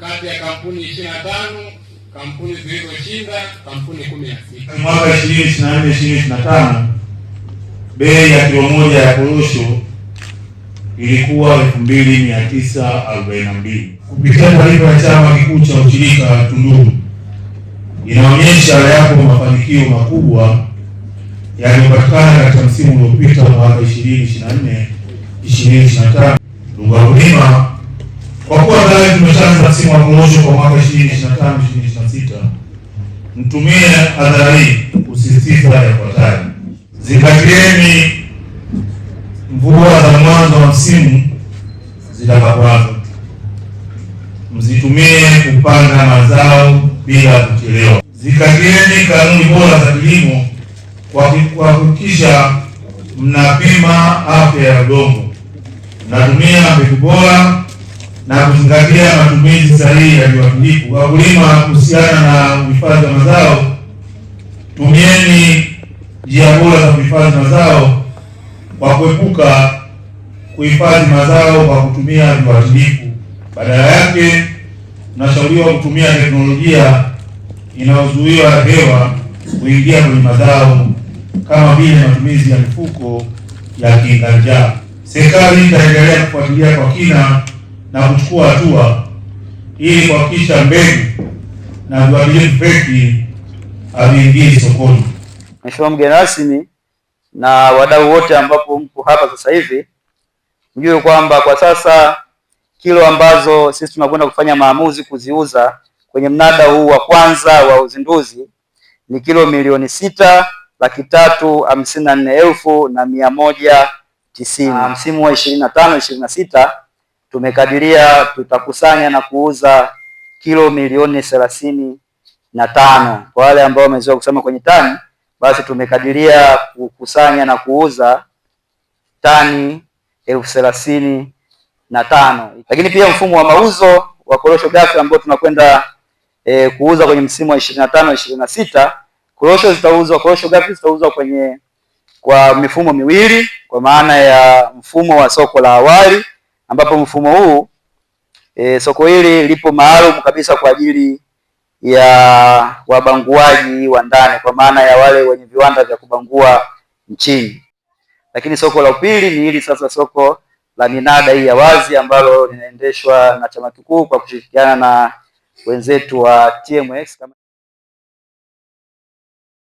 kati ya kampuni ishirini na tano kampuni zilizoshinda kampuni kumi na sita. Mwaka ishirini ishirini na nne ishirini ishirini na tano bei ya kilo moja ya korosho ilikuwa elfu mbili mia tisa arobaini na mbili. Kupitia taarifa ya chama kikuu cha ushirika Tunduru inaonyesha yapo mafanikio makubwa yaliyopatikana katika msimu uliopita mwaka ishirini ishirini na nne ishirini ishirini na tano. Lunga Mlima tayari tumeshaanza msimu wa korosho kwa mwaka 2025 2026. Mtumie hadhara hii kusisitiza yafuatayo: zingatieni mvua za mwanzo wa msimu zitakapoanza, mzitumie kupanda mazao bila kuchelewa. Zingatieni kanuni bora za kilimo kwa kuhakikisha mnapima afya ya udongo, mnatumia mbegu bora na kuzingatia matumizi sahihi ya viuatilifu. Wakulima, kuhusiana na uhifadhi wa mazao, tumieni njia bora za kuhifadhi mazao kwa kuepuka kuhifadhi mazao kwa kutumia viuatilifu. Badala yake, tunashauriwa kutumia teknolojia inayozuia hewa kuingia kwenye mazao kama vile matumizi ya mifuko ya kinga njaa. Serikali itaendelea kufuatilia kwa kina na kuchukua hatua ili kuhakikisha mbegu na viuatilifu feki haviingii sokoni. Mheshimiwa mgeni rasmi na wadau wote ambapo mko hapa sasa hivi, mjue kwamba kwa sasa kilo ambazo sisi tunakwenda kufanya maamuzi kuziuza kwenye mnada huu wa kwanza wa uzinduzi ni kilo milioni sita laki tatu hamsini na nne elfu na mia moja tisini ah, msimu wa ishirini na tano ishirini na sita tumekadiria tutakusanya na kuuza kilo milioni thelathini na tano. Kwa wale ambao wamezoea kusema kwenye tani, basi tumekadiria kukusanya na kuuza tani elfu thelathini na tano. Lakini pia mfumo wa mauzo wa korosho ghafi ambao tunakwenda e, kuuza kwenye msimu wa ishirini na tano ishirini na sita korosho zitauzwa, korosho ghafi zitauzwa kwenye kwa mifumo miwili, kwa maana ya mfumo wa soko la awali ambapo mfumo huu e, soko hili lipo maalum kabisa kwa ajili ya wabanguaji wa ndani, kwa maana ya wale wenye viwanda vya kubangua nchini. Lakini soko la upili ni hili sasa, soko la minada hii ya wazi ambalo linaendeshwa na chama kikuu kwa kushirikiana na wenzetu wa TMX kama